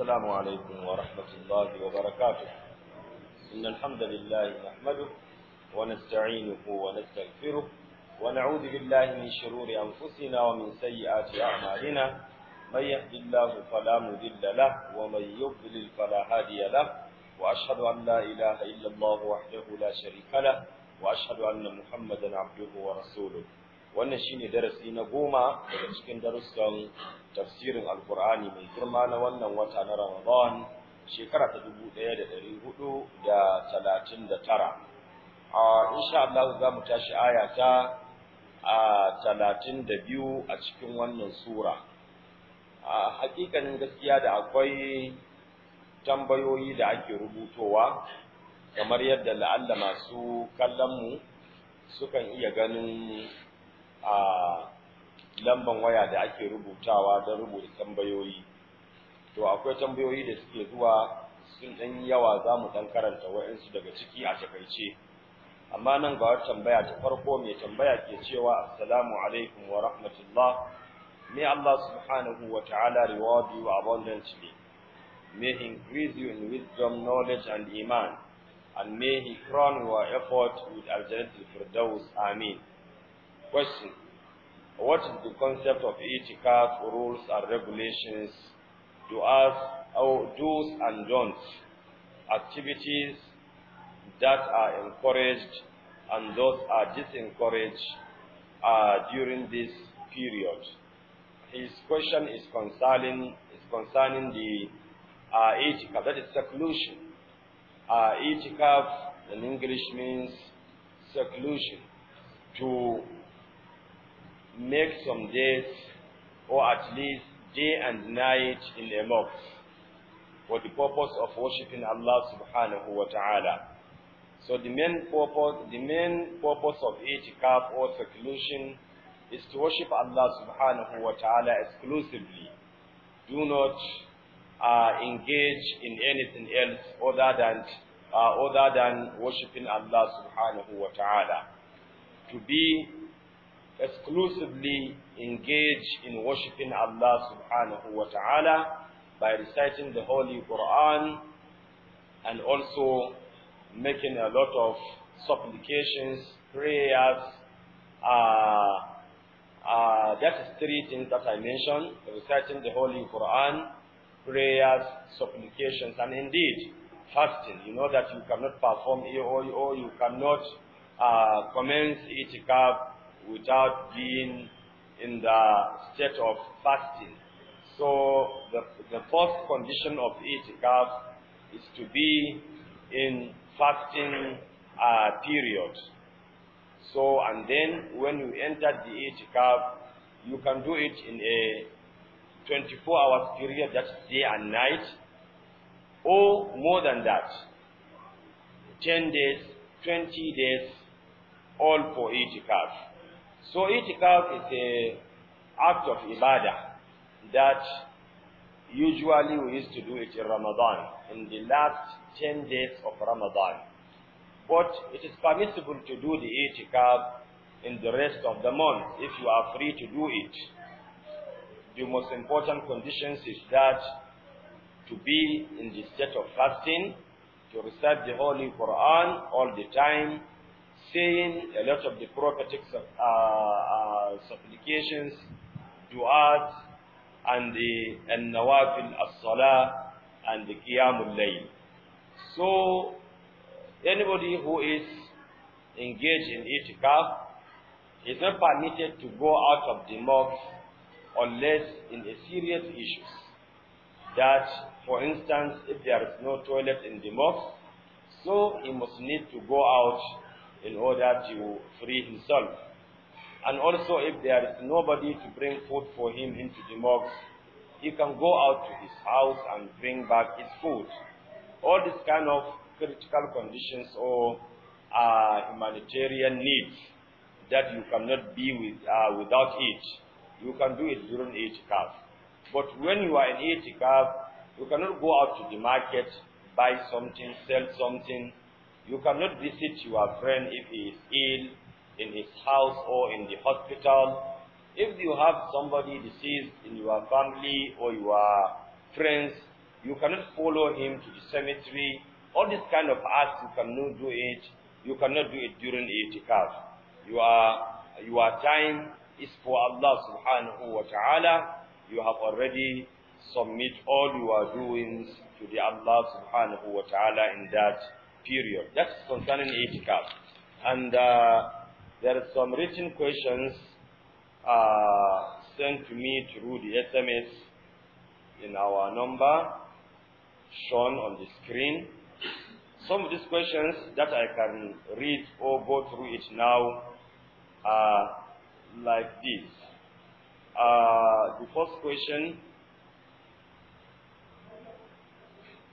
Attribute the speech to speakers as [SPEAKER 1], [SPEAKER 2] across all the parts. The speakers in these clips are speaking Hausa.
[SPEAKER 1] السلام عليكم ورحمة الله وبركاته إن الحمد لله نحمده ونستعينه ونستغفره ونعوذ بالله من شرور أنفسنا ومن سيئات أعمالنا من يهد الله فلا مذل له ومن يضلل فلا هادي له وأشهد أن لا إله إلا الله وحده لا شريك له وأشهد أن محمدا عبده ورسوله wannan shine darasi na goma daga cikin darussan tafsirin alkur'ani mai girma na wannan wata na ramadan shekara ta dubu ɗaya da dari hudu da talatin da tara a insha Allah za mu tashi aya ta a talatin da biyu a cikin wannan sura a hakikanin gaskiya da akwai tambayoyi da ake rubutowa kamar yadda la'alla masu kallon kallonmu sukan iya ganin a lamban waya da ake rubutawa don rubuta tambayoyi to akwai tambayoyi da suke zuwa sun ɗan yawa za mu ɗan karanta wa'insu daga ciki a takaice amma nan ga wata tambaya ta farko mai tambaya ke cewa assalamu alaikum wa rahmatullah may Allah subhanahu wa ta'ala reward you abundantly may he increase you in wisdom knowledge and iman and may he crown your effort with al-jannah firdaus amin Question. What is the concept of etiquette, rules and regulations, to us, our do's and don'ts, activities that are encouraged and those are disencouraged uh, during this period? His question is concerning, is concerning the uh, etiquette, that is seclusion. Uh, etiquette in English means seclusion, to make some days or at least day and night in a month for the purpose of worshipping Allah subhanahu wa ta'ala. So the main purpose, the main purpose of itikaf or seclusion is to worship Allah subhanahu wa ta'ala exclusively. Do not uh, engage in anything else other than uh, other than worshiping Allah subhanahu wa ta'ala. To be exclusively engage in worshiping Allah subhanahu wa ta'ala by reciting the Holy Quran and also making a lot of supplications, prayers, uh, uh, that is three things that I mentioned, reciting the Holy Quran, prayers, supplications, and indeed, fasting. You know that you cannot perform EO or you cannot uh, commence itikaf without being in the state of fasting. So the, the first condition of itikaf is to be in fasting uh, period. So, and then when you enter the itikaf, you can do it in a 24 hours period, that's day and night, or more than that. 10 days, 20 days, all for itikaf. So itikaf is a act of ibadah that usually we used to do it in Ramadan, in the last 10 days of Ramadan. But it is permissible to do the itikaf in the rest of the month if you are free to do it. The most important conditions is that to be in the state of fasting, to recite the Holy Quran all the time, saying a lot of the prophetic uh, uh, supplications, du'at, and the and nawafil as-salah and the qiyamul layl. So anybody who is engaged in itikaf is not permitted to go out of the mosque unless in a serious issues. That, for instance, if there is no toilet in the mosque, so he must need to go out in order to free himself. And also if there is nobody to bring food for him into the mosque, he can go out to his house and bring back his food. All these kind of critical conditions or uh, humanitarian needs that you cannot be with, uh, without it. You can do it during itikaf. But when you are in itikaf, you cannot go out to the market, buy something, sell something, you cannot visit your friend if he is ill in his house or in the hospital. If you have somebody deceased in your family or your friends, you cannot follow him to the cemetery. All these kind of acts, you cannot do it. You cannot do it during itikaf. Your, your time is for Allah subhanahu wa ta'ala. You have already submit all your doings to the Allah subhanahu wa ta'ala in that period. That's concerning itikaf. And uh, there are some written questions uh, sent to me through the SMS in our number shown on the screen. Some of these questions that I can read or go through it now are like this. Uh, the first question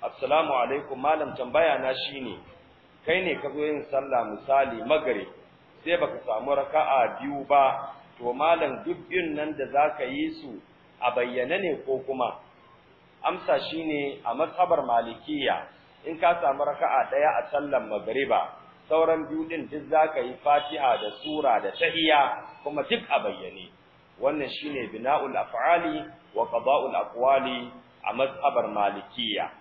[SPEAKER 1] assalamu alaikum malam tambaya na shine kai ne ka zo yin sallah misali magare sai baka samu raka'a biyu ba to malam duk biyun nan da za ka yi su a bayyane ne ko kuma amsa shine a matsabar malikiya in ka samu raka'a ɗaya a sallar magariba, sauran biyu ɗin duk za ka yi fatiha da sura da tahiya kuma duk a bayyane wannan shine bina'ul af'ali wa qada'ul aqwali a matsabar malikiya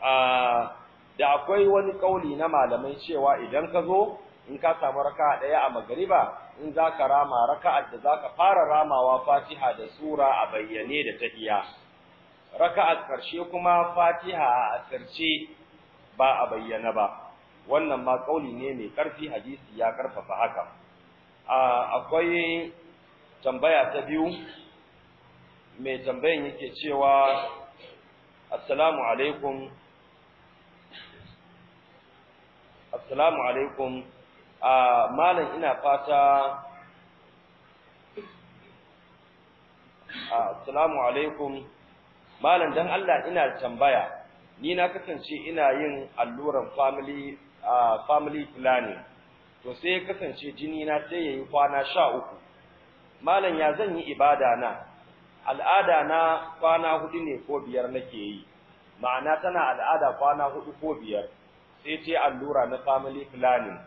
[SPEAKER 1] da akwai wani kauli na malamai cewa idan ka zo in ka samu raka'a daya a magariba in za ka rama raka'ar da za ka fara ramawa Fatiha da sura a bayyane da tahiyya raka'ar karshe kuma Fatiha a asirce ba a bayyana ba wannan ma kauli ne mai karfi hadisi ya karfafa haka akwai tambaya ta biyu mai tambayan yake cewa assalamu alaikum assalamu alaikum a malam ina fata assalamu alaikum malam dan Allah ina tambaya ni na kasance ina yin alluran family family planning to sai ya kasance jini na sai yayi kwana 13 malam ya zan yi ibada na al'ada na kwana hudu ne ko biyar nake yi ma'ana tana al'ada kwana hudu ko biyar sai ta allura na family planning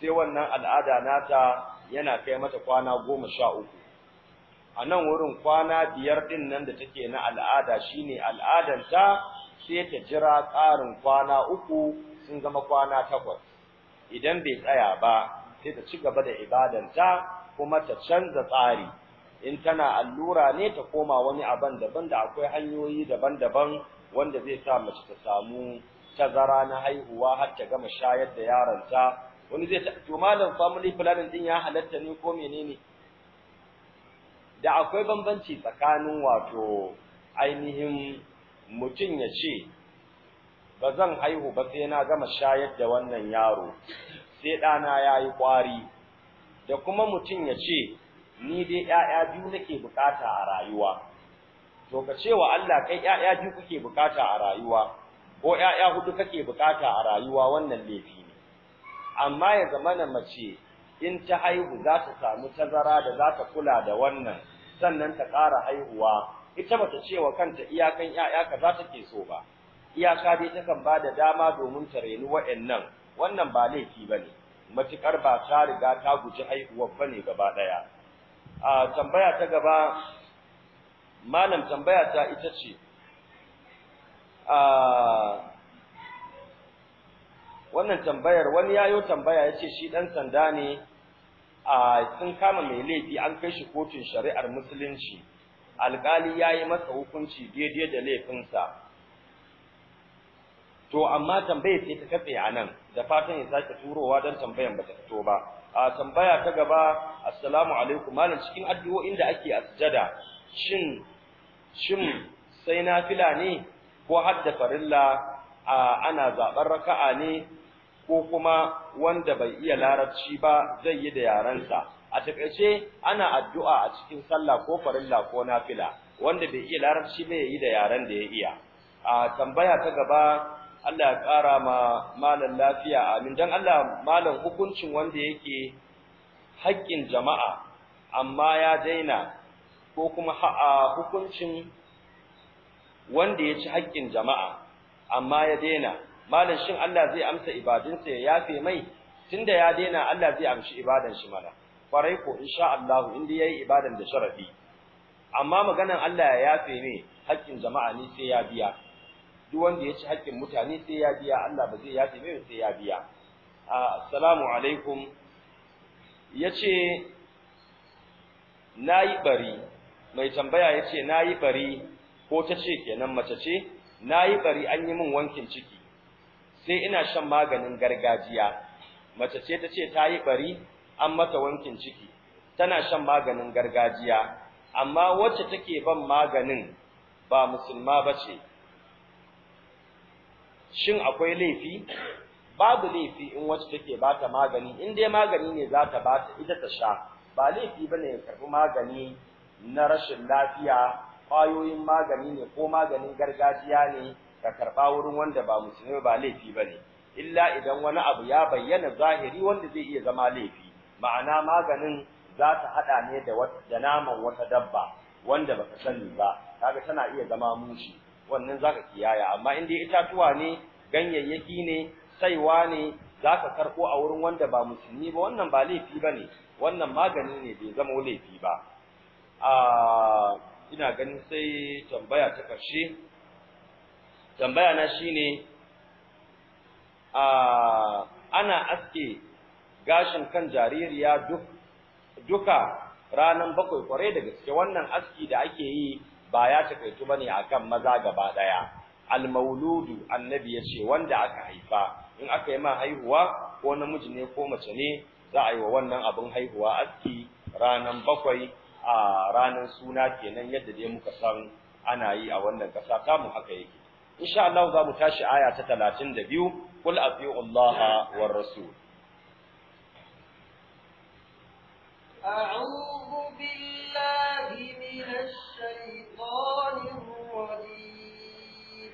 [SPEAKER 1] sai wannan al'ada nata yana kai mata kwana goma sha uku a nan wurin kwana biyar ɗin nan da take na al'ada shine al'adanta sai ta jira tsarin kwana uku sun zama kwana takwas idan bai tsaya ba sai ta ci gaba da ibadanta kuma ta canza tsari in tana allura ne ta koma wani abin daban da akwai hanyoyi daban-daban wanda zai sa mace ta samu tazara na haihuwa har ta gama shayar da yaronta wani zai ta to malam family planning din ya halatta ne ko menene da akwai bambanci tsakanin wato ainihin mutum ya ce ba zan haihu ba sai na gama shayar da wannan yaro sai ɗana ya yi ƙwari da kuma mutum ya ce ni dai ‘ya'ya biyu nake bukata a rayuwa to ka cewa Allah kai ‘ya'ya biyu kuke bukata a rayuwa ko ƴaƴa hudu kake bukata a rayuwa wannan laifi ne amma ya zamana mace in ta haihu za ta samu tazara da za ta kula da wannan sannan ta ƙara haihuwa ita bata ce wa kanta iyakan ƴaƴa ta ke so ba iyaka dai takan ba da dama domin ta reni wa'annan wannan ba laifi bane matukar ba ta riga ta guji haihuwar bane gaba daya a tambaya ta gaba malam tambaya ta ita ce Ah, wannan tambayar wani ya yayo tambaya ya ce shi ɗan sanda ne a sun kama mai laifi an kai shi kotun shari'ar musulunci alkali yi masa hukunci daidai da laifinsa to amma tambayar sai ta katse a nan da fatan ya sake turowa don tambayan ta fito ba a tambaya ta gaba assalamu alaikum malam cikin addu'o'in da ake a sujada shin shin sai nafila ne ko hadda farilla ana zaɓar raka'a ne ko kuma wanda bai iya larabci ba zai yi da yarensa a takaice ana addu'a a cikin sallah ko farilla ko nafila wanda bai iya larabci ba yayi da yaren da ya iya a tambaya ta gaba Allah ya ƙara ma malan lafiya amin dan Allah malan hukuncin wanda yake haƙƙin jama'a amma ya daina ko kuma hukuncin wanda ya ci haƙƙin jama'a amma ya daina malam shin Allah zai amsa ibadinsa ya yafe mai tunda ya daina Allah zai amshi ibadan shi mana kwarai ko insha Allah in dai yayi ibadan da sharadi amma maganan Allah ya yafe ne haƙƙin jama'a ne sai ya biya duk wanda ya ci haƙƙin mutane sai ya biya Allah ba zai yafe mai sai ya biya assalamu alaikum yace nayi bari mai tambaya yace nayi bari ko ta ce kenan mace ce nayi bari an yi min wankin ciki sai ina shan maganin gargajiya mace ce ta ce ta yi bari an mata wankin ciki tana shan maganin gargajiya amma wacce take ban maganin ba musulma bace shin akwai laifi babu laifi in wacce take bata magani in dai magani ne za ta bata ita ta sha ba laifi ne ya karbi magani na rashin lafiya Kwayoyin magani ne ko maganin gargajiya ne ka karɓa wurin wanda ba musulmi ba laifi ba ne illa idan wani abu ya bayyana zahiri wanda zai iya zama laifi ma'ana maganin za ta haɗa ne da naman wata dabba wanda baka sani ba kaga tana iya zama mushi wannan zaka kiyaya amma in dai itatuwa ne ganyayyaki ne saiwa ne zaka karko a wurin wanda ba musulmi ba wannan ba laifi ba ne wannan magani ne bai zama laifi ba ah, ina ganin sai tambaya ta ƙarshe tambaya na shine ne ana aske gashin kan jaririya duka ranar bakwai kwarai da gaske wannan aski da ake yi ba ya takaitu bane akan maza gaba daya almauludu annabi ya ce wanda aka haifa in aka yi ma haihuwa ko namiji ne ko mace ne za a yi wa wannan abin haihuwa aski ranar bakwai a ranar suna kenan yadda dai muka san ana yi a wannan ƙasa tamu haka yake insha Allah za mu tashi aya ta 32 kul atiu Allah war rasul
[SPEAKER 2] أعوذ بالله من الشيطان الرجيم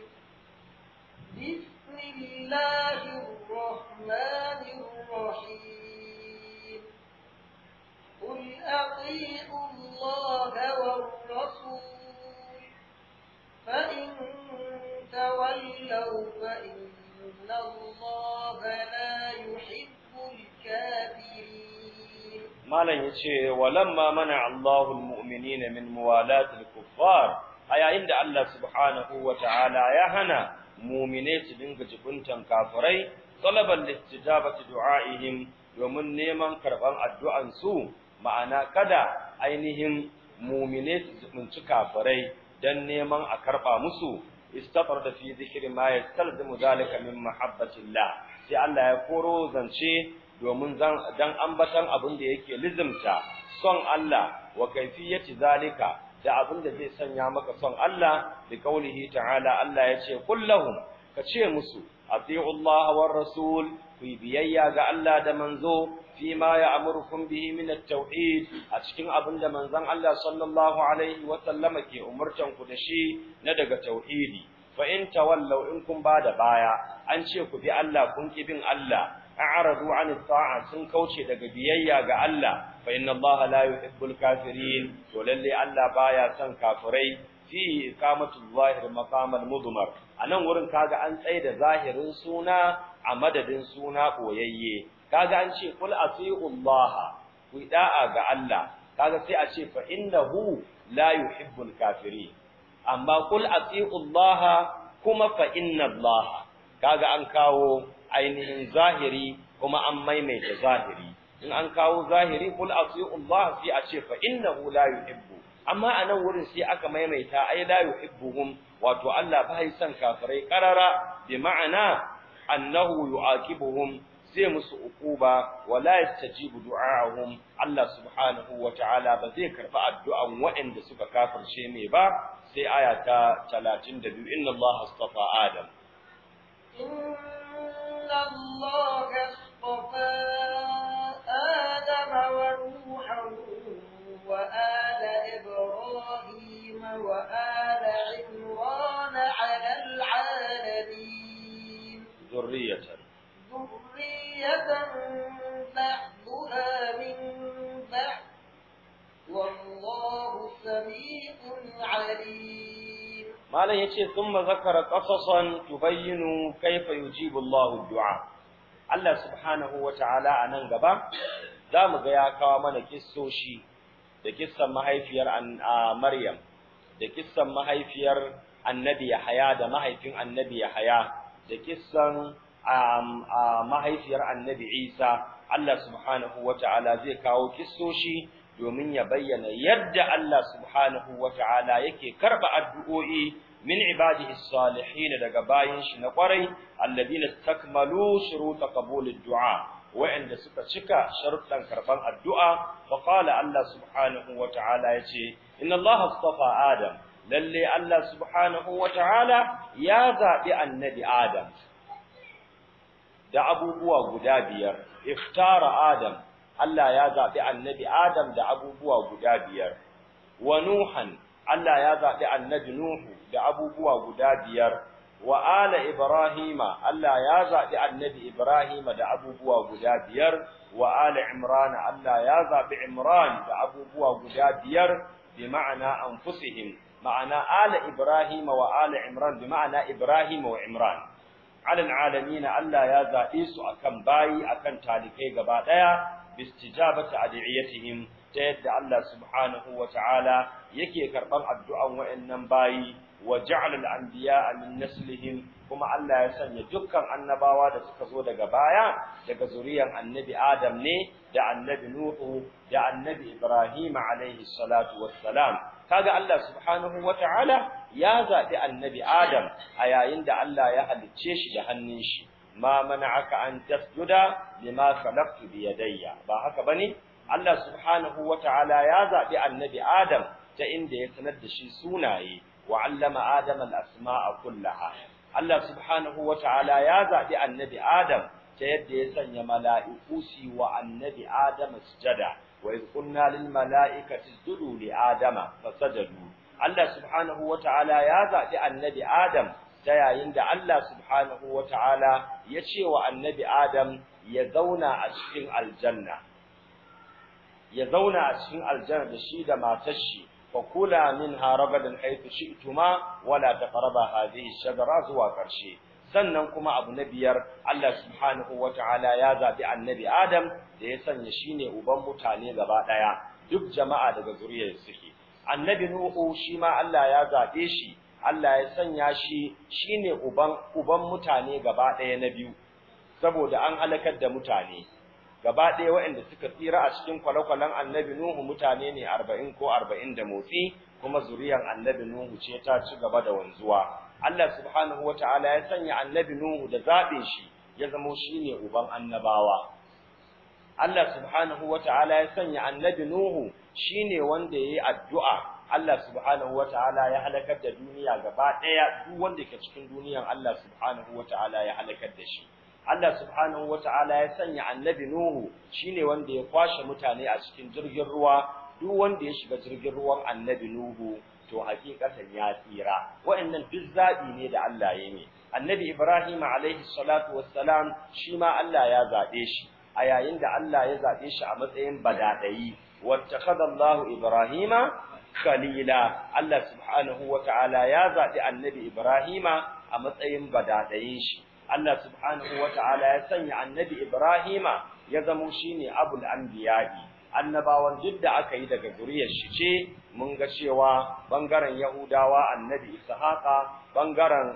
[SPEAKER 2] بسم الله الرحمن
[SPEAKER 1] ce walamma mana Allahul mu'minina min muwalatul kuffar a yayin da Allah subhanahu wa ta'ala ya hana mu'mine su dinga jibuntan kafirai talaban listijabati du'aihim domin neman karban addu'an su ma'ana kada ainihin mu'mine su zubunci kafirai dan neman a karba musu istafar da fi zikri ma yastalzimu zalika min mahabbatillah sai Allah ya koro zance domin dan ambatan abin da yake lizimta son Allah wa kayfiyati zalika da abin da zai sanya maka son Allah bi kaulihi ta'ala Allah yace kullahum ka ce musu ati'u Allah war rasul kuyi biyayya ga Allah da manzo fi ma ya'murukum bihi min at-tauhid a cikin abin da manzon Allah sallallahu alaihi wa sallama ke umurtan ku da shi na daga tauhidi fa in tawallaw in kun bada baya an ce ku bi Allah kun ki bin Allah a'radu 'an at-ta'a sun kauce daga biyayya ga Allah fa inna Allah la yuhibbul kafirin to lalle Allah baya son kafirai fi iqamatul zahir maqamal mudmar anan wurin kaga an tsaye da zahirin suna a madadin suna koyayye kaga an ce kul asiu Allah ku da'a ga Allah kaga sai a ce fa innahu la yuhibbul kafirin amma kul asiu Allah kuma fa inna Allah kaga an kawo ainihin zahiri kuma an maimaita zahiri in an kawo zahiri kul asiu Allah fi a ce fa innahu la yuhibbu amma a nan wurin sai aka maimaita ai la yuhibbuhum wato Allah ba yi san kafirai karara bi ma'ana annahu yu'aqibuhum zai musu uquba wa la yastajibu du'a'ahum Allah subhanahu wa ta'ala ba zai karba addu'an waɗanda suka kafirce me ba sai aya ta 32 inna Allah astafa adam
[SPEAKER 2] إن الله اصطفى آدم ونوحا وآل إبراهيم وآل عمران على العالمين ذرية ذرية بعضها من بعض والله سميع عليم
[SPEAKER 1] malam yace thumma zakara qasasan tubayyinu kaifa yujibu Allah du'a Allah subhanahu a anan gaba zamu ga ya kawo mana kissoshi da kissan mahaifiyar Maryam da kissan mahaifiyar Annabi Yahaya da mahaifin Annabi Yahaya da kissan mahaifiyar Annabi Isa Allah subhanahu wata'ala zai kawo kissoshi domin ya bayyana yadda Allah subhanahu ta'ala yake karba addu'o'i min ibadihi salihin daga bayin shi na kwarai alladina istakmalu shuruta qabul ad-du'a wa'anda suka cika sharuɗan karban addu'a fa qala Allah subhanahu ce yace inna Allah astafa adam lalle Allah subhanahu ta'ala ya zabi annabi adam da abubuwa guda biyar iftara adam Allah ya zaɓi annabi Adam da abubuwa guda biyar, wa Nuhan, Allah ya zaɓi annabi Nuhu da abubuwa guda biyar, wa ala Ibrahima, Allah ya zaɓi annabi Ibrahima da abubuwa guda biyar, wa ala Imran, Allah ya zaɓi Imran da abubuwa guda biyar, bi ma'ana anfusihim, ma'ana ala Ibrahima wa ala Imran, bi ma'ana Ibrahima wa Imran. Alal alamina Allah ya zaɓe su akan bayi akan talikai gaba ɗaya bistijabati adiyatihim ta yadda Allah subhanahu wa ta'ala yake karban addu'an wa'annan bayi wa ja'ala al a min naslihim kuma Allah ya sanya dukkan annabawa da suka zo daga baya daga zuriyar annabi Adam ne da annabi Nuhu da annabi Ibrahim alayhi salatu wassalam kaga Allah subhanahu wataala ya zabi annabi Adam a yayin da Allah ya halicce shi da hannun shi ma mana'aka an tasjuda lima khalaqtu bi yadayya ba haka bane Allah subhanahu wata'ala ya zabi annabi Adam ta inda ya sanar da shi sunaye wa 'allama Adam al-asma'a kullaha Allah subhanahu wata'ala ya zabi annabi Adam ta yadda ya sanya mala'iku si wa annabi Adam sujada wa idh qulna lil mala'ikati isjudu li Adama fasajadu Allah subhanahu wata'ala ya zabi annabi Adam ta yayin da Allah subhanahu wata'ala ya ce wa annabi Adam ya zauna a cikin aljanna ya zauna a cikin aljanna da shi da matar shi fa kula minha ragadan haythu shi'tuma wala taqraba hadhihi shajara zuwa karshe sannan kuma abu na biyar Allah subhanahu wata'ala ya zabi annabi Adam da ya sanya shine uban mutane gaba daya duk jama'a daga zuriyar suke annabi Nuhu shi ma Allah ya zabe shi Allah ya sanya shi shine uban uban mutane gaba ɗaya na biyu saboda an halakar da mutane gaba ɗaya waɗanda suka tsira a cikin kwale-kwalen annabi Nuhu mutane ne arba'in ko arba'in da motsi kuma zuriyar annabi Nuhu ce ta ci gaba da wanzuwa Allah subhanahu wata'ala ya sanya annabi Nuhu da zaɓe shi ya zamo shine uban annabawa Allah subhanahu ta'ala ya sanya annabi Nuhu shine wanda ya yi addu'a Allah subhanahu wataala ya halakar da duniya gaba ɗaya. duk wanda ke cikin duniyar Allah subhanahu wataala ya halakar da shi Allah subhanahu wataala ya sanya annabi Nuhu shine wanda ya kwashe mutane a cikin jirgin ruwa duk wanda ya shiga jirgin ruwan annabi Nuhu to hakikatan ya tsira wa'annan duk ne da Allah ya yi annabi Ibrahim alaihi salatu wassalam shi ma Allah ya zaɓe shi a yayin da Allah ya zaɓe shi a matsayin badadayi wacce Allahu Ibrahima khalila Allah subhanahu wataala ya zaɓi annabi Ibrahima a matsayin badaɗayin shi Allah subhanahu wataala ya sanya annabi Ibrahima ya zamo shine abul anbiya'i annabawan duk da aka yi daga zuriyar shi ce mun ga cewa bangaren Yahudawa annabi Ishaqa bangaren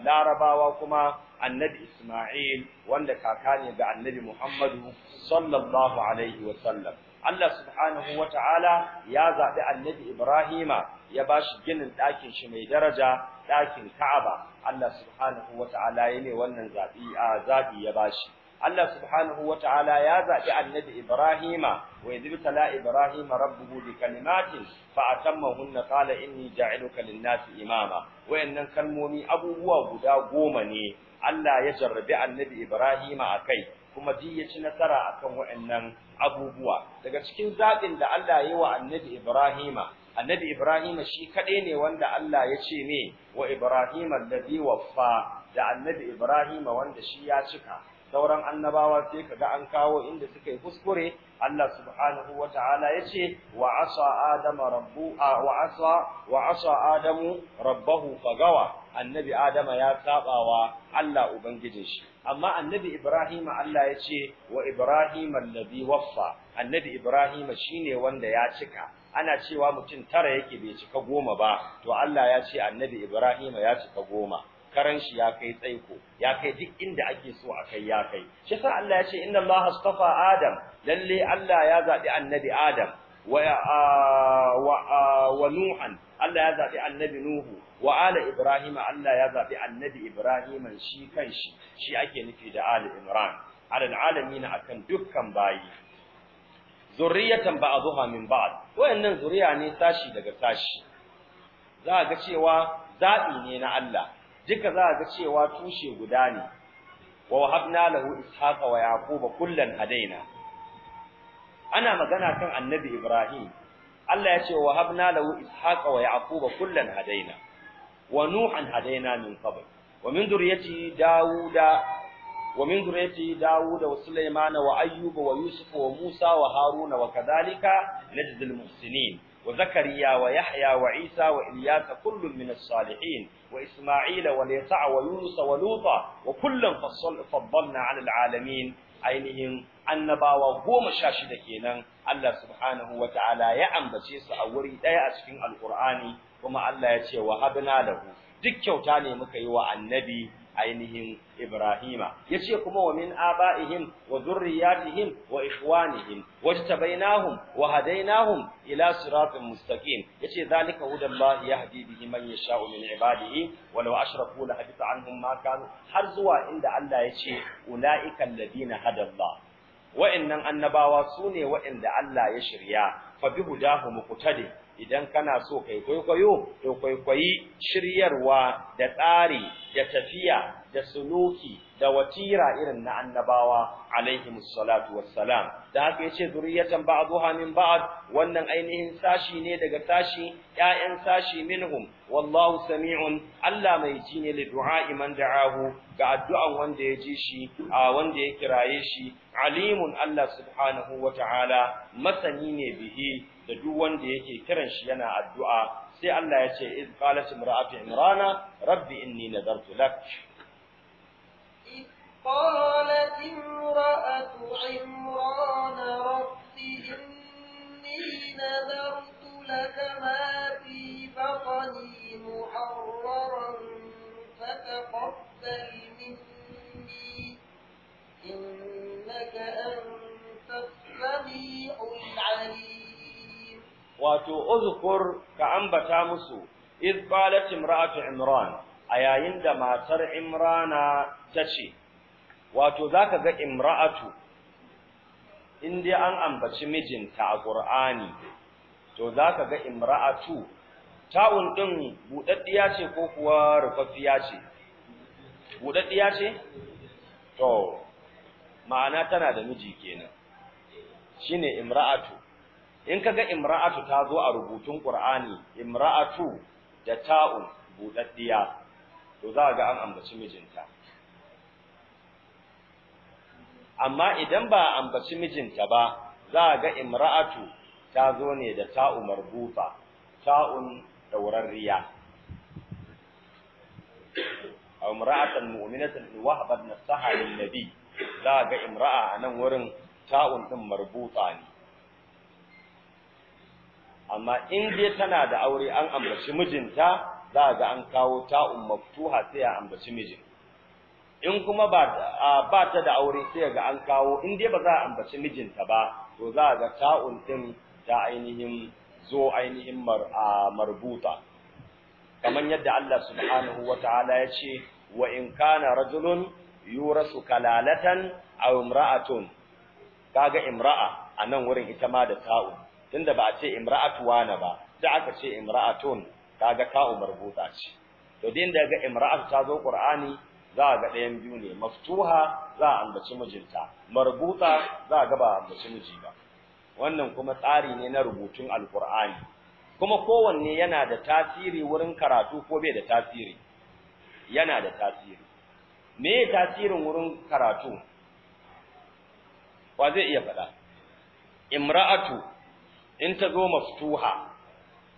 [SPEAKER 1] Larabawa kuma annabi Isma'il wanda kaka ne ga annabi Muhammadu sallallahu alaihi wa sallam Allah subhanahu ta'ala ya zaɓi annabi Ibrahima ya bashi ginin ɗakin shi mai daraja ɗakin Ka'aba Allah subhanahu ta'ala ya ne wannan zaɓi a zaɓi ya bashi Allah subhanahu ta'ala ya zaɓi annabi Ibrahima wa yadhbitala Ibrahima rabbuhu bi kalimatin fa atammahunna qala inni ja'iluka lin-nasi imama wayannan kalmomi abubuwa guda goma ne Allah ya jarrabi annabi Ibrahima kai. kuma duk ya ci nasara a kan waɗannan abubuwa daga cikin zaɓin da Allah ya yi wa annabi Ibrahima annabi Ibrahima shi kaɗai ne wanda Allah ya ce ne wa Ibrahima alladhi waffa da annabi Ibrahima wanda shi ya cika sauran annabawa sai kaga an kawo inda suka yi kuskure Allah subhanahu wataala yace wa asa adama rabbu wa asa wa asa adamu rabbahu fagawa annabi adama ya sabawa Allah ubangijin shi amma annabi ibrahima Allah yace wa ibrahim allazi waffa annabi ibrahim shine wanda ya cika ana cewa mutum tara yake bai cika goma ba to Allah ya ce annabi ibrahima ya cika goma karan shi ya kai tsaiko ya kai duk inda ake so a kai ya kai shi sa Allah ya ce inna Allah astafa Adam lalle Allah ya zabi annabi Adam wa wa wa Nuhan Allah ya zabi annabi Nuhu wa ala Ibrahim Allah ya zabi annabi Ibrahim shi kanshi shi ake nufi da ali Imran alal alamin akan dukkan bayi zurriyatan ba'dhuha min ba'd wayannan zuriya ne tashi daga tashi za ga cewa zabi ne na Allah duka za a ga cewa tushe guda ne wa wahabna lahu ishaqa wa yaquba kullan hadaina ana magana kan annabi ibrahim Allah ya ce wa habna lahu ishaqa wa yaquba kullan hadaina wa nuhan hadaina min qabl wa min dhurriyyati dauda wa min dhurriyyati dauda wa sulaymana wa ayyuba wa yusuf wa musa wa haruna wa kadhalika najdil muhsinin وزكريا ويحيى وعيسى وإلياس كل من الصالحين وإسماعيل واليسع ويونس ولوطا وكلا فضلنا على العالمين ainihin annabawa goma sha shida kenan Allah subhanahu wa ta'ala ya ambace su a wuri ɗaya a cikin alkur'ani kuma Allah ya ce wa habna lahu duk kyauta ne muka yi wa annabi ainihin Ibrahima yace kuma wa min abaihim wa dhurriyyatihim wa ikhwanihim wajtabainahum wa hadainahum ila siratin mustaqim yace zalika hudallahi yahdi bihi man yasha'u min ibadihi walau ashraku la habita anhum ma kanu har zuwa inda Allah ya ce ulaiikal ladina hadallah wa'annan annabawa sune wa'anda Allah ya shirya fa bihudahum muqtadi idan kana so kai kwaikwayo to kwaikwayi shiryarwa da tsari da tafiya da suluki da watira irin na annabawa alaihimus salatu wassalam da haka yace zuriyatan ba'dha min ba'd wannan ainihin sashi ne daga sashi 'ya'yan sashi minhum wallahu sami'un Allah mai ji ne li du'a'i man da'ahu ga addu'an wanda ya ji shi a wanda ya kiraye shi alimun Allah subhanahu wata'ala masani ne bihi da duk wanda yake kiran shi yana addu'a sai Allah ya ce iz qalat imra'atu imrana rabbi inni nadartu lak
[SPEAKER 2] iz qalat imra'atu imrana rabbi inni nadartu لك ما في بطني محررا فتقبل مني إنك أنت السميع العليم
[SPEAKER 1] wato uzkur ka ambata musu iz qalat imra'atu imran a yayin da matar imrana tace wato zaka ga imra'atu in dai an ambaci mijinta a qur'ani to zaka ga imra'atu ta'un din budaddiya ce ko kuwa rufaffiya ce budaddiya ce to ma'ana tana da miji kenan shine imra'atu in ka ga imra'atu ta zo a rubutun qur'ani imra'atu da ta'un budaddiya to za ga an ambaci mijinta amma idan ba ambaci mijinta ba za ga imra'atu ta zo ne da ta'u marbuta ta'un daurarriya aw imra'atan mu'minatan wahabat nafsaha lin nabi za ga imra'a nan wurin ta'un din marbuta ne amma in dai tana da aure an ambaci mijinta za a ga an kawo ta'un maftuha sai a ambaci mijin in kuma ba ta da aure sai ga an kawo in dai ba za a ambaci mijinta ba to za a ga ta'un din ta ainihin zo ainihin marbuta kamar yadda Allah subhanahu wataala ya ce wa in kana rajulun yurasu kalalatan aw imra'atun kaga imra'a a nan wurin ita ma da ta'un tunda ba a ce imra'atu wana ba sai aka ce imra'atun kaga ta'u marbuta ce to din da ga imra'atu ta zo qur'ani za a ga ɗayan biyu ne maftuha za a ambaci mijinta marbuta za ga ba ambaci miji ba wannan kuma tsari ne na rubutun alqur'ani kuma kowanne yana da tasiri wurin karatu ko bai da tasiri yana da tasiri me tasirin wurin karatu wa zai iya faɗa imra'atu in ta zo maftuha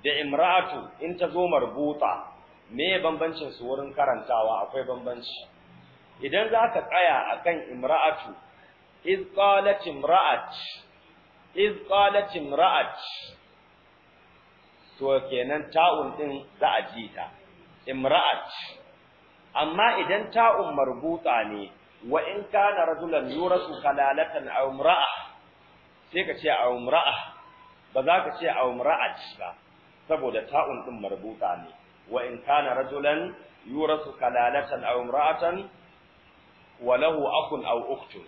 [SPEAKER 1] da imra'atu in ta zo marbuta me bambancin su wurin karantawa akwai bambanci idan za ka tsaya akan imra'atu iz qalat imra'at iz qalat imra'at to kenan ta'un din za a ji ta imra'at amma idan ta'un marbuta ne wa in kana rajulan yurasu kalalatan aw imra'a sai ka ce aw imra'a ba za ka ce aw ba saboda ta'un din marbuta ne wa in kana rajulan yurasu kalalatan aw imra'atan wa lahu akun aw ukhtun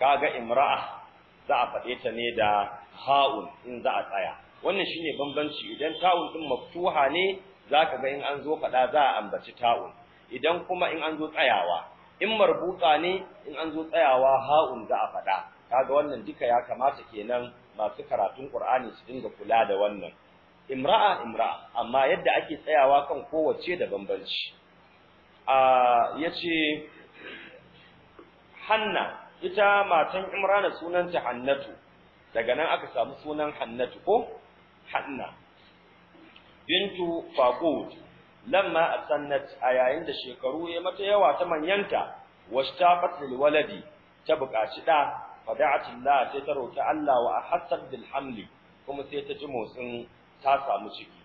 [SPEAKER 1] kaga imra'a za a faɗe ta ne da ha'un in za a tsaya wannan shine bambanci idan ta'un din maftuha ne zaka ga in an zo faɗa za a ambaci ta'un idan kuma in an zo tsayawa in marbuta ne in an zo tsayawa ha'un za a faɗa kaga wannan duka ya kamata kenan masu karatun Qur'ani su dinga kula da wannan imra'a imra'a amma yadda ake tsayawa kan kowace da bambanci a yace Hanna ita matan Imran sunanta Hannatu daga nan aka samu sunan Hannatu ko Hanna bintu Faqud lamma asannat a yayin da shekaru ya mata yawa ta manyanta washtaqat lil waladi ta buƙaci da fada'atillah sai ta roki Allah wa ahassat bil hamli kuma sai ta ji motsin ta samu ciki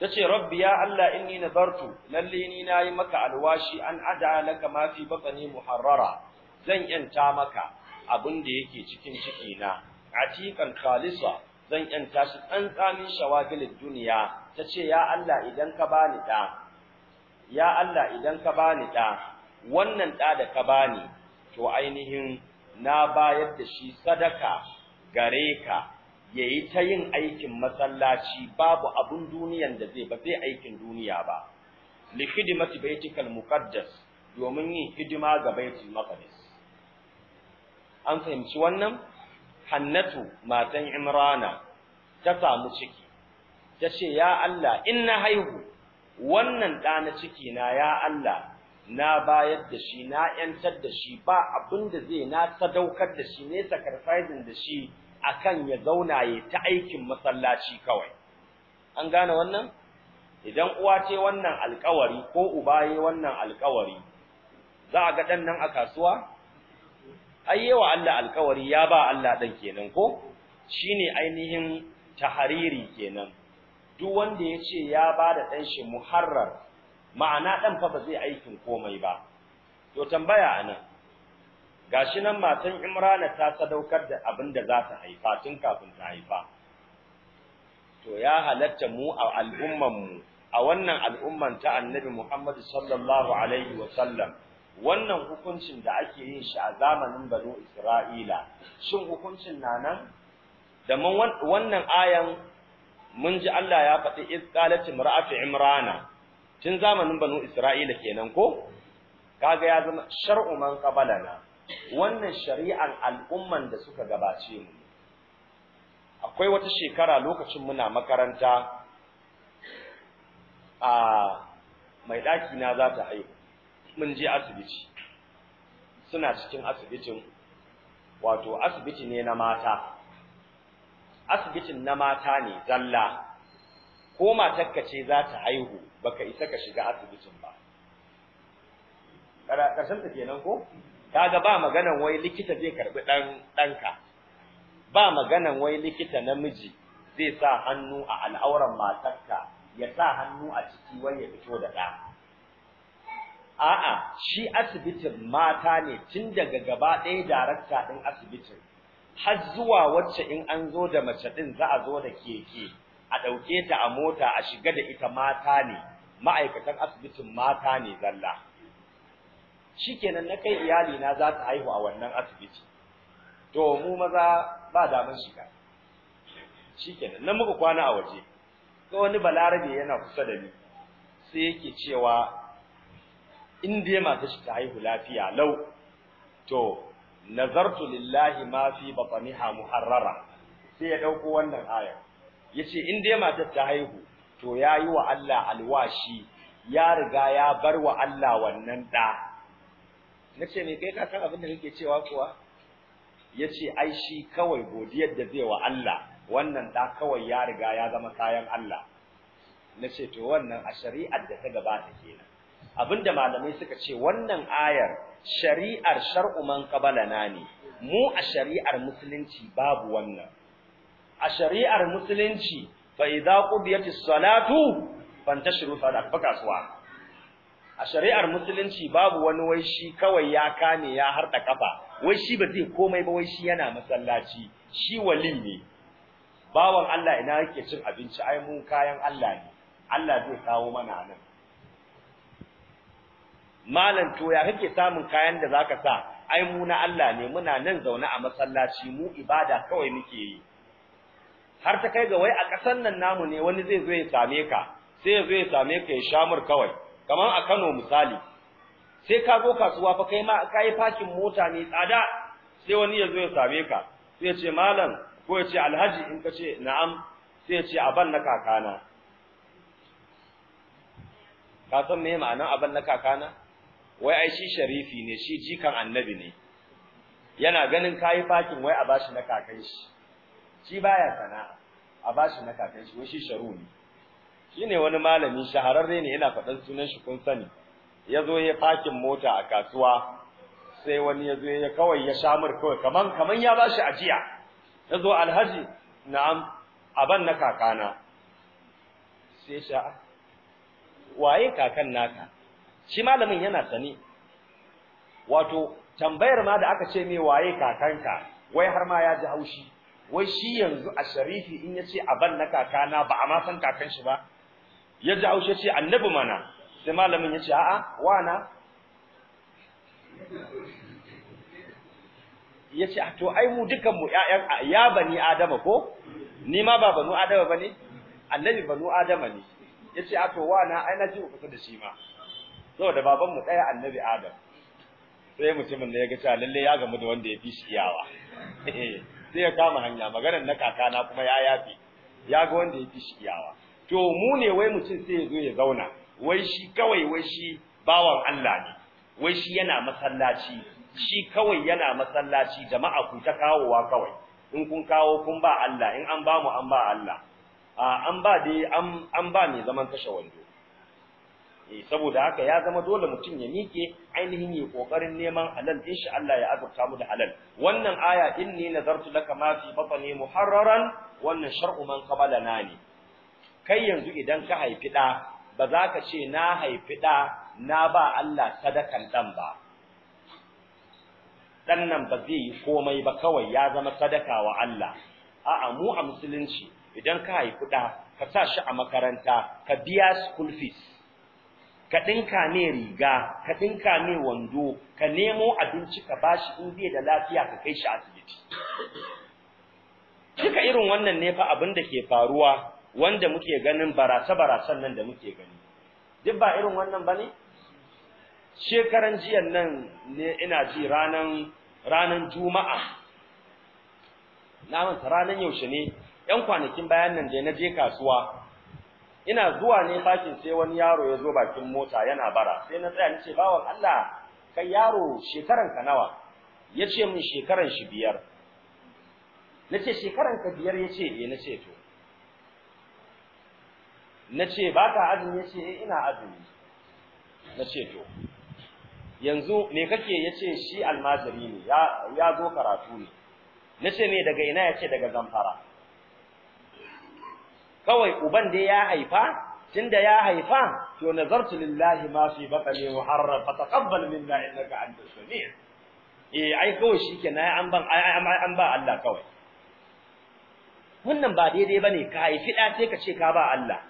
[SPEAKER 1] tace rabbi ya Allah inni nazartu lalle ni nayi maka alwashi an ada laka ma fi batni muharrara zan yanta maka abin da yake cikin ciki na atiqan khalisa zan yanta shi tsantsamin shawagilin duniya tace ya Allah idan ka bani da ya Allah idan ka bani da wannan da da ka bani to ainihin na bayar da shi sadaka gare ka yayi ta yin aikin masallaci babu abun duniyan da zai ba zai aikin duniya ba li khidmati baitikal muqaddas domin yin hidima ga baitul maqdis an fahimci wannan hannatu matan imrana ta samu ciki ta ce ya Allah inna haihu wannan ɗa na ciki na ya Allah na bayar da shi na yantar da shi ba abin da zai na sadaukar da shi ne sacrificing da shi akan ya zauna ya ta aikin masallaci kawai an gane wannan idan uwa ce wannan alƙawari ko uba ye wannan alƙawari za a ga dan nan a kasuwa Ai ayyewa Allah alƙawari ya ba Allah ɗan kenan ko shine ainihin tahariri kenan duk wanda ya ce ya ba da ɗan shi muharrar ma'ana dan fa ba zai aikin komai ba to tambaya anan gashi nan matan Imrana ta sadaukar da abin da za ta haifa tun kafin ta haifa to ya halatta mu a al'umman mu a wannan al'umman ta Annabi Muhammad sallallahu alaihi wa sallam wannan hukuncin da ake yin shi a zamanin Banu Isra'ila shin hukuncin na nan da mun wannan ayan mun ji Allah ya faɗi iz qalat imra'atu imrana tun zamanin banu isra'ila kenan ko kaga ya zama shar'u man qabalana wannan shari'an al'umman da suka gabace mu akwai wata shekara lokacin muna makaranta a mai daki na za ta haihu mun je asibiti suna cikin asibitin wato asibiti ne na mata asibitin na mata ne zalla ko matarka ce za ta haihu baka isa ka shiga asibitin ba kada karshen ta kenan ko kaga ba maganan wai likita zai karbi dan danka ba maganan wai likita namiji zai sa hannu a al'auran matarka ya sa hannu a ciki wai ya fito da ɗa a'a shi asibitin mata ne tun daga gaba ɗaya darakta ɗin asibitin har zuwa wacce in an zo da mace ɗin za a zo da keke a ɗauke ta a mota a shiga da ita mata ne ma'aikatan asibitin mata ne zalla shikenan na kai iyali na za ta haihu a wannan asibiti to mu maza ba damun shiga shikenan nan muka kwana a waje ko wani balarabe yana kusa da ni sai yake cewa in dai mata shi ta haihu lafiya lau to nazartu lillahi ma fi batniha muharrara sai ya dauko wannan aya yace in dai matar ta haihu to ya yi wa Allah alwashi ya riga ya bar wa Allah wannan ɗa na ce me kai ka san abin da kake cewa kuwa ya ce ai shi kawai godiyar da zai wa Allah wannan ɗa kawai ya riga ya zama kayan Allah na ce to wannan a shari'ar da ta gabata kenan abinda malamai suka ce wannan ayar shari'ar shar'u man ne mu a shari'ar musulunci babu wannan a shari'ar musulunci fa idza qudiyatis salatu fantashiru fala kasuwa a shari'ar musulunci babu wani wai kawai ya kame ya harɗa kafa wai shi ba zai komai ba wai shi yana masallaci shi wali ne bawan Allah ina yake cin abinci ai mu kayan Allah ne Allah zai kawo mana nan malam to ya kake samun kayan da zaka sa ai mu na Allah ne muna nan zaune a masallaci mu ibada kawai muke yi har ta kai ga wai a ƙasan nan namu ne wani zai zo ya same ka sai ya zo ya same ka ya sha mur kawai kamar a Kano misali sai ka zo kasuwa fa kai ma kai yi mota ne tsada sai wani ya zo ya same ka sai ya ce malam ko ya ce alhaji in ka ce na'am sai ya ce aban na kakana ka san me ma'anar aban na kakana wai ai shi sharifi ne shi jikan annabi ne yana ganin kayi fakin wai a bashi na kakan shi shi baya sana'a a bashi na kafin shi shi sharu ne shi ne wani malami shahararre ne yana faɗan sunan shi kun sani ya zo ya fakin mota a kasuwa sai wani ya zo ya kawai ya mur kawai kaman kaman ya bashi ajiya ya zo alhaji na'am aban na kakana sai sha ah, waye kakan naka shi malamin yana sani wato tambayar ma da aka ce me waye kakanka wai har ma ya ji haushi wai shi yanzu a sharifi in yace ban na kakana ba a ma san kakan shi ba ya ji haushe ce annabi mana sai malamin ya ce a'a wana ya ce to ai mu dukanmu ya'yan ya bani adama ko ni ma ba banu adama bane annabi banu adama ne ya ce a to wana ai na ji ku kusa da shi ma saboda babanmu ɗaya annabi adam sai mutumin da ya ga cewa lalle ya gamu da wanda ya fi shi iyawa sai ya kama hanya magana na kakana kuma ya yafe ya ga wanda ya fi shi to mu ne wai mutum sai ya zo ya zauna wai shi kawai wai shi bawan Allah ne wai shi yana masallaci shi kawai yana masallaci jama'a ku ta kawowa kawai in kun kawo kun ba Allah in an ba mu an ba Allah an ba dai an ba mai zaman kashe wando eh saboda haka ya zama dole mutum ya mike ainihin yi kokarin neman halal din shi Allah ya azurta mu da halal wannan aya inni nazartu laka ma fi batni muharraran wannan shar'u man qabalana ne kai yanzu idan ka haifi da ba za ka ce na haifi da na ba Allah sadakan dan ba dan nan ba zai yi komai ba kawai ya zama sadaka wa Allah a'a mu a musulunci idan ka haifi da ka sa shi a makaranta ka biya school fees ka ɗinka mai riga ka ɗinka mai wando ka nemo abinci ka bashi in bai da lafiya ka kai shi asibiti duka irin wannan ne fa abin da ke faruwa wanda muke ganin barasa-barasan nan da muke gani duk ba irin wannan ba ne shekaran jiyan nan ne ina ji ranan ranan juma'a na manta ranan yaushe ne yan kwanakin bayan nan da na je kasuwa ina zuwa ne fakin sai wani yaro ya zo bakin mota yana bara sai na tsaya nace bawan Allah kai yaro shekaran ka nawa yace min shekaran shi biyar nace shekaran ka biyar yace eh nace to nace baka azumi yace eh ina azumi nace to yanzu me kake yace shi almajiri ne ya ya zo karatu ne nace ne daga ina yace daga zamfara kawai uban da ya haifa tunda ya haifa to nazartu lillahi ma fi batni muharrar fa taqabbal minna innaka antas sami' eh ai kawai shikenan an ban an ba Allah kawai wannan ba daidai bane ka haifi da sai ka ce ka ba Allah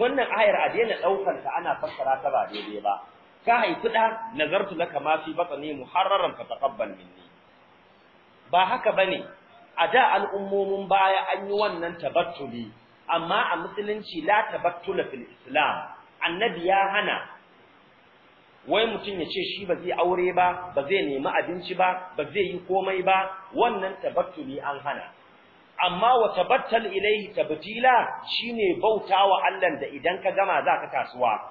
[SPEAKER 1] wannan ayar a daina daukar ta ana fassara ta ba daidai ba ka haifi da nazartu laka ma fi batni muharraran fa taqabbal minni ba haka bane a da al'ummomin baya an yi wannan tabattuli amma a musulunci la tabattula fil islam annabi ya hana wai mutum ya ce shi ba zai aure ba ba zai nemi abinci ba ba zai yi komai ba wannan tabattuli an hana amma wa tabattal ilaihi tabtila shine bautawa Allah da idan ka gama za ka kasuwa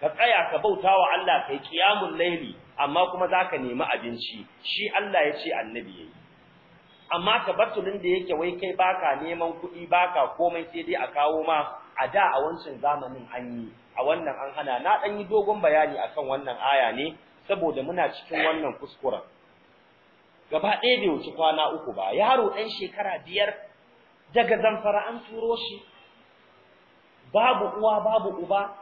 [SPEAKER 1] ka tsaya ka bautawa Allah kai ƙiyamun laili amma kuma za ka nemi abinci shi Allah ya ce annabi yayi amma tunin da yake wai kai baka neman kuɗi baka komai sai dai a kawo ma a da a wancan zamanin an a wannan an hana na ɗan yi dogon bayani akan wannan aya ne saboda muna cikin wannan kuskuren gaba ɗaya bai wuce kwana uku ba yaro
[SPEAKER 2] ɗan shekara biyar
[SPEAKER 1] daga zamfara an turo shi babu uwa babu uba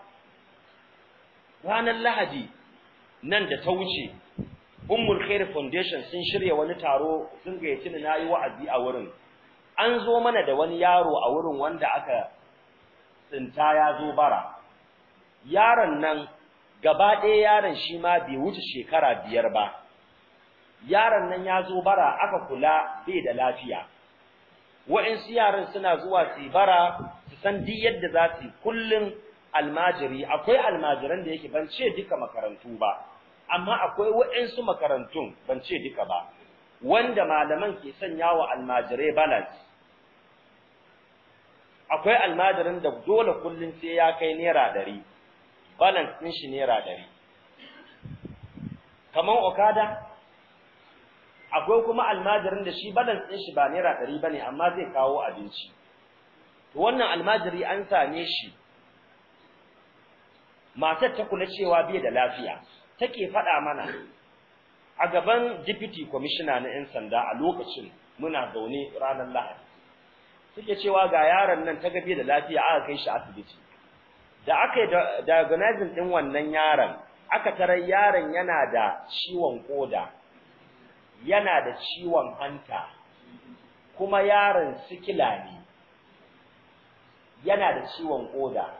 [SPEAKER 1] ranar lahadi nan da ta wuce Ummul Khair Foundation sun shirya wani taro sun gayyaci ni nayi wa'azi a wurin an zo mana da wani yaro a wurin wanda aka tsinta ya zo bara yaron nan gaba ɗaya yaron shi ma bai wuce shekara biyar ba yaron nan ya zo bara aka kula bai da lafiya wa'insu yaran suna zuwa su bara su san duk yadda za su kullum almajiri akwai almajiran da yake ban ce duka makarantu ba amma akwai waɗansu makarantun ban ce duka ba wanda malaman ke sanya wa almajirai balance akwai almajirin da dole kullum sai ya kai naira dari balance ɗin shi naira dari kamar okada akwai kuma almajirin da shi balance ɗin shi ba naira ɗari ba ne amma zai kawo abinci to wannan almajiri an same shi matar ta kula cewa bai da lafiya take faɗa mana a gaban deputy commissioner na 'yan sanda a lokacin muna zaune ranar lahadi suke cewa ga yaron nan ta gabe da lafiya aka kai shi asibiti da aka yi diagnosing din wannan yaron aka tarar yaron yana da ciwon koda yana da ciwon hanta kuma yaron sikila ne yana da ciwon koda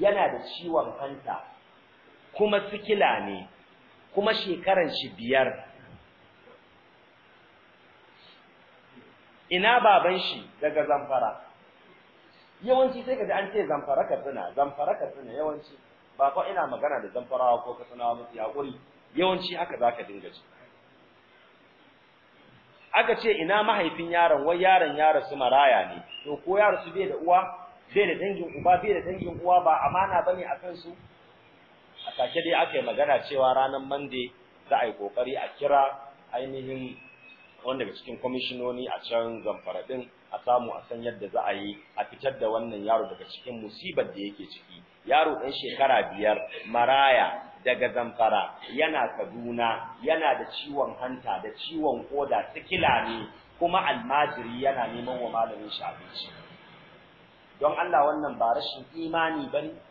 [SPEAKER 1] yana da ciwon hanta kuma sikila ne kuma shekaran shi biyar ina baban shi daga zamfara yawanci sai kaji an ce zamfara katsina zamfara katsina yawanci ba ko ina magana da zamfarawa ko katsinawa musu kuri yawanci haka zaka dinga ji aka ce ina mahaifin yaron wai yaron ya rasu maraya ne to ko ya rasu bai da uwa bai da dangin uba bai da dangin uwa ba amana bane akan su take dai aka yi magana cewa ranar Mande za a yi kokari a kira ainihin wanda daga cikin kwamishinoni a can zamfara din a samu a san yadda za a yi a fitar da wannan yaro daga cikin musibar da yake ciki yaro ɗan shekara biyar maraya daga zamfara yana kaduna yana da ciwon hanta da ciwon koda sikila ne kuma almajiri yana neman wa malamin shi abinci don Allah wannan ba rashin imani bane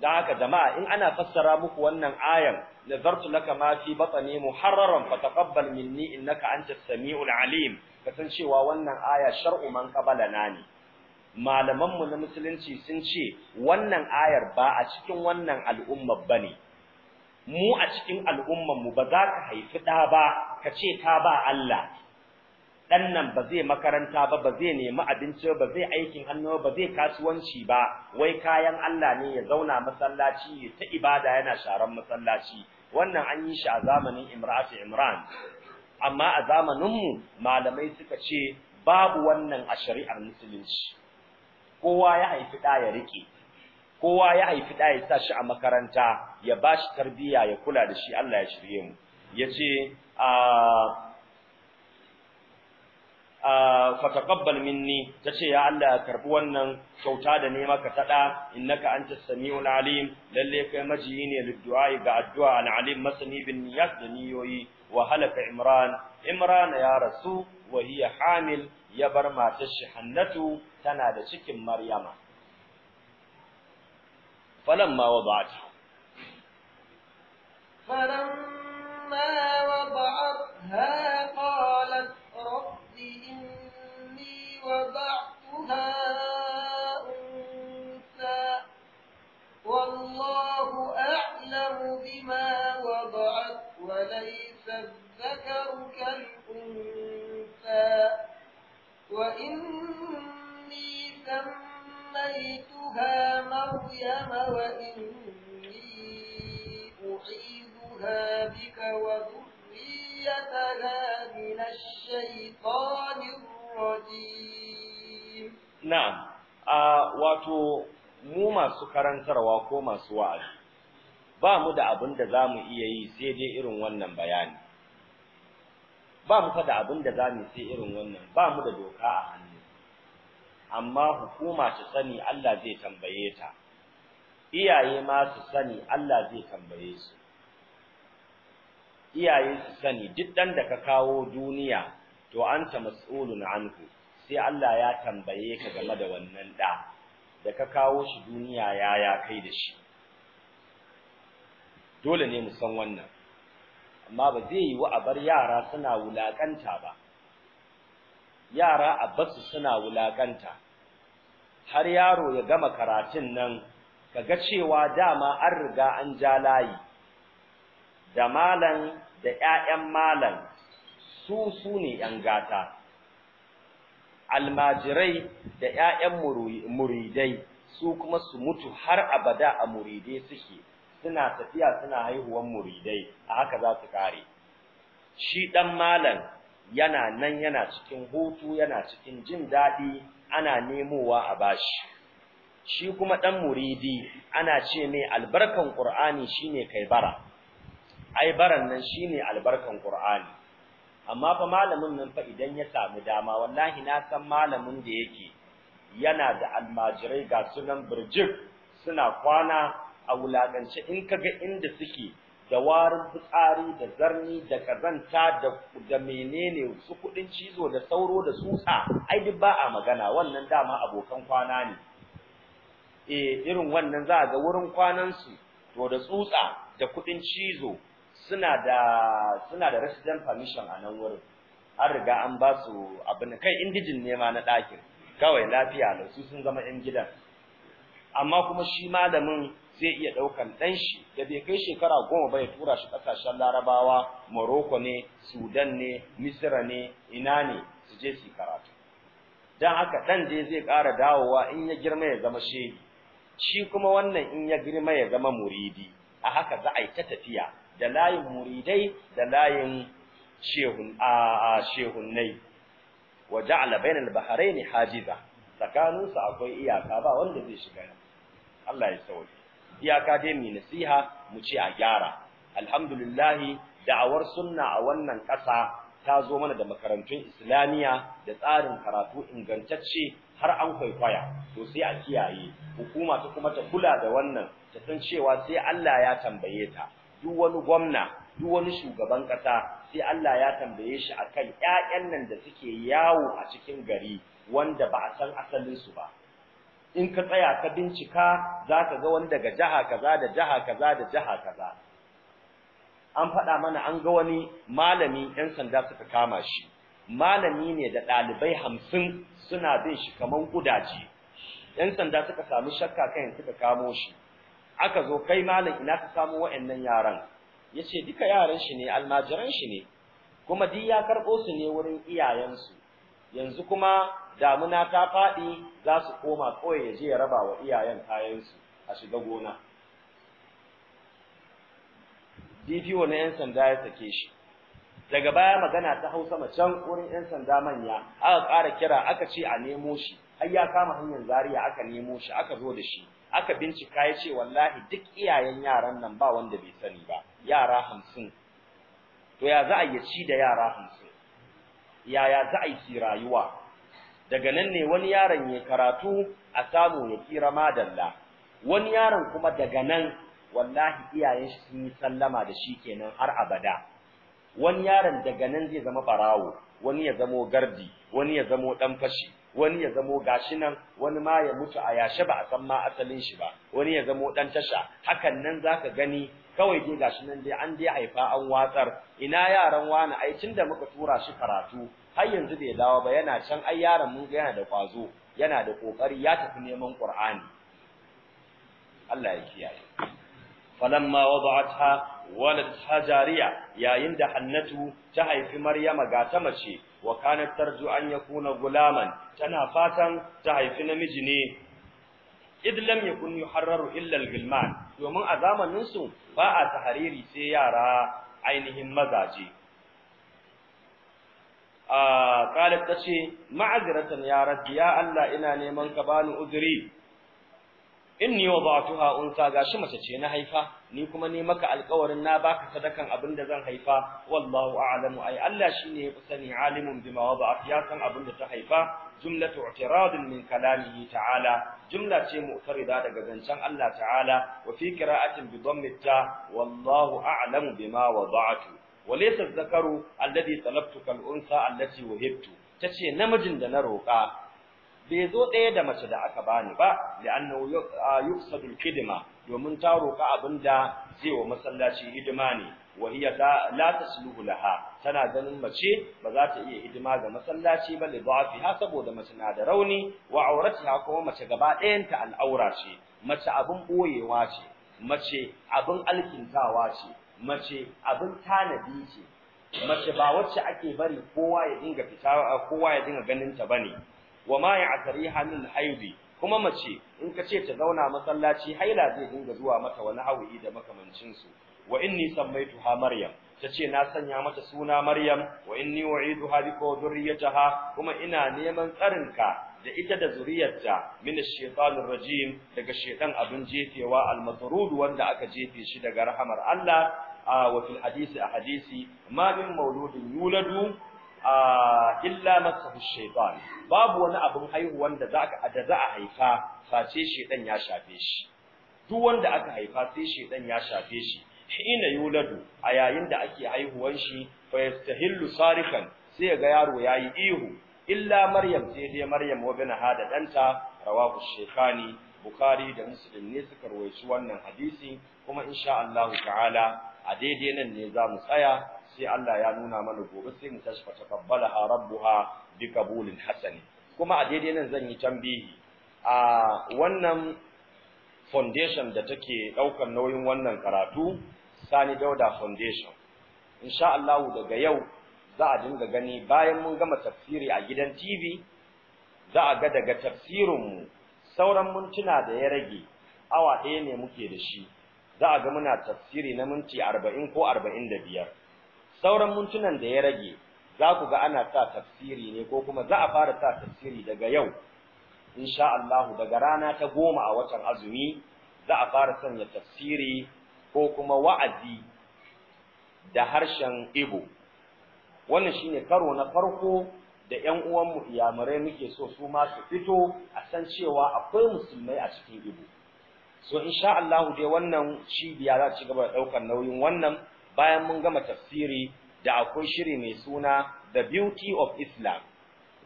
[SPEAKER 1] Da haka jama'a in ana fassara muku wannan ayan nazartu laka ma fi batni muharraran fataqabbal minni innaka antas samiul alim kasan cewa wannan aya shar'u man ne malaman mu na musulunci sun ce wannan ayar ba a cikin wannan al'umma bane mu a cikin al'umman mu ba za ka haifi da ba ka ce ka ba Allah ɗan nan ba zai makaranta ba ba zai nemi abinci ba zai aikin hannu ba zai kasuwanci ba wai kayan Allah ne ya zauna masallaci ta ibada yana sharan masallaci wannan an yi shi a zamanin Imra'atu Imran amma a zamaninmu malamai suka ce babu wannan a shari'ar musulunci kowa ya haifi ɗa ya rike kowa ya haifi ɗa ya sa shi a makaranta ya ba shi tarbiyya ya kula da shi Allah ya shirye mu yace a ah, fataqabbal minni tace ya Allah karbi wannan kyauta da ne maka tada innaka antas samiul alim lalle kai majiyi ne liddu'a ga addu'a al alim masani bin niyat da niyoyi wa halaka imran imran ya rasu wa hiya hamil ya bar matar shi hannatu tana da cikin maryama falamma wada'ata
[SPEAKER 2] falamma wada'atha qala وبعضها أنثى
[SPEAKER 1] والله أعلم بما وضعت
[SPEAKER 2] وليس الذكر كالأنثى وإني سميتها مريم وإني أعيذها بك وذريتها من الشيطان
[SPEAKER 1] na'am a wato mu masu karantarwa ko masu wa'azi ba mu da abin da za mu iya yi sai dai irin wannan bayani ba mu da abin da za mu sai irin wannan ba mu da doka a hannu amma hukuma su sani Allah zai tambaye ta iyaye ma su sani Allah zai tambaye su iyaye su sani duk dan da ka kawo duniya to an ta mas'ulun anhu sai Allah ya tambaye ka game da wannan da da ka kawo shi duniya ya ya kai da shi dole ne mu san wannan amma ba zai yi wa bar yara suna wulakanta ba yara a basu suna wulakanta har yaro ya gama karatun nan kaga cewa dama an riga an ja layi da malan da ƴaƴan malan su su ne ƴan gata almajirai da 'ya'yan muridai su kuma su mutu har abada a muridai suke suna tafiya suna haihuwan muridai a haka za su kare shi ɗan malam yana nan yana cikin hutu yana cikin jin daɗi ana nemowa a bashi shi kuma ɗan muridi ana ce mai albarkan qur'ani shine kai bara ai baran nan shine albarkan qur'ani amma fa malamin nan fa idan ya samu dama wallahi na san malamin da yake yana da almajirai ga sunan birjik suna kwana a wulakance in ga inda suke da warin fitsari da zarni da kazanta da da menene su kuɗin cizo da sauro da tsutsa ai duk ba a magana wannan dama abokan kwana ne eh irin wannan za ga wurin kwanansu su to da tsutsa da kuɗin cizo suna da suna da resident permission a nan wurin an riga an ba su abin kai indijin nema na ɗakin kawai lafiya lau su sun zama yan gidan amma kuma shi malamin zai iya ɗaukan ɗan shi da bai kai shekara goma ba ya tura shi ƙasashen larabawa morocco ne sudan ne misira ne ina ne su je su karatu don haka ɗan je zai ƙara dawowa in ya girma ya zama shehi shi kuma wannan in ya girma ya zama muridi a haka za a yi ta tafiya da layin muridai da layin shehun a shehunnai wa ja'ala bainal bahrain hajiza tsakanin su akwai iyaka ba wanda zai shiga Allah ya sauke iyaka dai mu nasiha mu ce a gyara alhamdulillah da'awar sunna a wannan ƙasa ta zo mana da makarantun islamiya da tsarin karatu ingantacce har an kwaikwaya to sai a kiyaye hukuma ta kuma ta kula da wannan ta san cewa sai Allah ya tambaye ta duk wani gwamna duk wani shugaban kasa sai Allah ya tambaye shi akan ƴaƴan nan da suke yawo a cikin gari wanda ba a san asalin su ba in ka tsaya ka bincika za ka ga wani daga jaha kaza da jaha kaza da jaha kaza an faɗa mana an ga wani malami ƴan sanda suka kama shi malami ne da ɗalibai hamsin suna bin shi kaman kudaje ƴan sanda suka samu shakka kan suka kamo shi aka zo kai malam ina ka samu wa'annan yaran yace duka yaran shi ne almajiran shi ne kuma duk ya karɓo su ne wurin iyayensu yanzu kuma damuna ta faɗi za su koma kawai ya je ya raba wa iyayen kayansu a shiga gona DPO na 'yan sanda ya sake shi daga baya magana ta hausa macen wurin 'yan sanda manya aka ƙara kira aka ce a nemo shi har ya kama hanyar Zariya aka nemo shi aka zo da shi aka bincika ya ce wallahi duk iyayen yaran nan ba wanda bai sani ba yara hamsin to ya za a yi ci da yara hamsin yaya za a yi rayuwa daga nan ne wani yaron ya karatu a samu ya kira madalla wani yaron kuma daga nan wallahi iyayen shi sun yi sallama da shi kenan har abada wani yaron daga nan zai zama barawo wani ya zamo gardi wani ya zamo dan fashi wani ya zamo gashi nan wani ma ya mutu a yashe ba a san ma asalin shi ba wani ya zamo dan tasha hakan nan zaka gani kawai dai gashi nan dai an dai haifa an watsar ina yaran wani ai da muka tura shi karatu har yanzu bai dawo ba yana can ai yaran mun ga yana da kwazo yana da kokari ya tafi neman Qur'ani Allah ya kiyaye falamma wada'atha walad hajariya yayin da hannatu ta haifi maryama ga ta mace wa kanat tarju an yakuna gulaman tana fatan ta haifi namiji ne id lam yakun yuharraru illa al-gilman domin a zamanin su ba a tahariri sai yara ainihin mazaje a ah, ta tace ma'azratan ya rabbi ya Allah ina neman ka bani uzuri inni wada'tuha unsa gashi mace ce na haifa ni kuma ne maka alƙawarin na baka sadakan abin da zan haifa wallahu a'lamu ai Allah shine ya sani alimun bima wada'at ya san abin da ta haifa jumlatu i'tiradin min kalamihi ta'ala jumla ce mu'tarida daga zancen Allah ta'ala wa fi qira'atin bi dhammi ta wallahu a'lamu bima wada'tu walaysa adh-dhakaru alladhi talabtuka al-unsa allati wahibtu tace namijin da na roƙa bai zo ɗaya da mace da aka bani ba li'annahu yuqsadul hidima domin ta roka da zai wa masallaci hidima ne wa hiya la tasluhu laha tana ganin mace ba za ta iya hidima ga masallaci ba li ha, saboda mace na da rauni wa auratiha kuma mace gaba ɗayan ta al'aura ce mace abin boyewa ce mace abin alkintawa ce mace abin tanadi ce mace ba wacce ake bari kowa ya dinga fita kowa ya dinga ganin ta bane wa ma ya'tariha min haidi kuma mace in ka ce ta zauna masallaci haila zai dinga zuwa mata wani hawi da makamancin su wa inni sammaituha maryam tace na sanya mata suna maryam wa inni u'iduha bika dhurriyyataha kuma ina neman tsarinka da ita da zuriyarta min ash-shaytanir rajim daga shaytan abin jefewa al-masrud wanda aka jefe shi daga rahamar Allah wa fil hadisi a hadisi ma min mauludin yuladu illa masahu shaytan babu wani abin haihuwan da zaka da za a haifa face shedan ya shafe shi duk wanda aka haifa sai shedan ya shafe shi ina yuladu a yayin da ake haihuwan shi fa yastahillu sarikan sai ga yaro yayi ihu illa maryam sai dai maryam wa bin hada danta rawahu shaykhani bukhari da muslim ne suka rawaito wannan hadisi kuma insha Allah ta'ala a daidai nan ne za mu tsaya sai Allah ya nuna mana gobe sai mu tashi a rabbuha bi qabulin hasani kuma a daidai nan zan yi tambihi a wannan foundation da take daukar nauyin wannan karatu Sani Dauda Foundation insha Allah daga yau za a dinga gani bayan mun gama tafsiri a gidan TV za a ga daga tafsirin mu sauran mintuna da ya rage awa ɗaya ne muke da shi za a ga muna tafsiri na minti arba'in ko arba'in da biyar. sauran mintunan da ya rage za ku ga ana sa tafsiri ne ko kuma za a fara sa tafsiri daga yau insha Allah daga rana ta goma a watan azumi za a fara sanya tafsiri ko kuma wa'azi da harshen Igbo wannan shine karo na farko da ƴan uwanmu iyamurai muke so su ma su fito a san cewa akwai musulmai a cikin Igbo so insha Allah dai wannan cibiya za ta ci gaba da ɗaukar nauyin wannan bayan mun gama tafsiri da akwai shiri mai suna The Beauty of Islam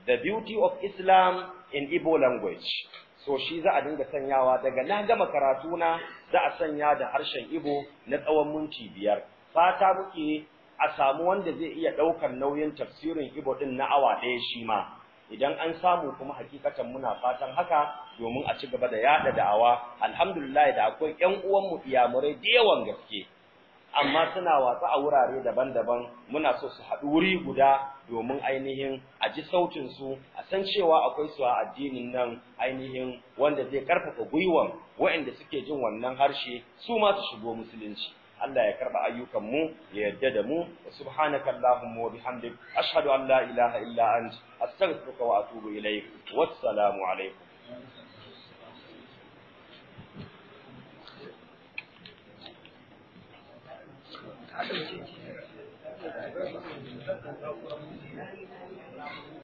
[SPEAKER 1] The Beauty of Islam in Igbo language so shi za a dinga sanyawa daga na gama karatuna za a sanya da harshen Igbo na tsawon minti biyar fata muke a samu wanda zai iya ɗaukar nauyin tafsirin Igbo ɗin na awa ɗaya shi ma idan an samu kuma hakikatan muna fatan haka domin a ci gaba da yaɗa da'awa alhamdulillah da akwai yan uwan iyamurai da yawan gaske amma suna wasa a wurare daban-daban muna so su haɗu wuri guda domin ainihin a ji sautin su a san cewa akwai su a addinin nan ainihin wanda zai karfafa gwiwan waɗanda suke jin wannan harshe su ma su shigo musulunci Allah ya karba ayyukan mu ya yarda da mu subhanaka allahumma wa bihamdik ashhadu an la ilaha illa ant astaghfiruka wa atubu wassalamu
[SPEAKER 2] alaikum 他这个境界。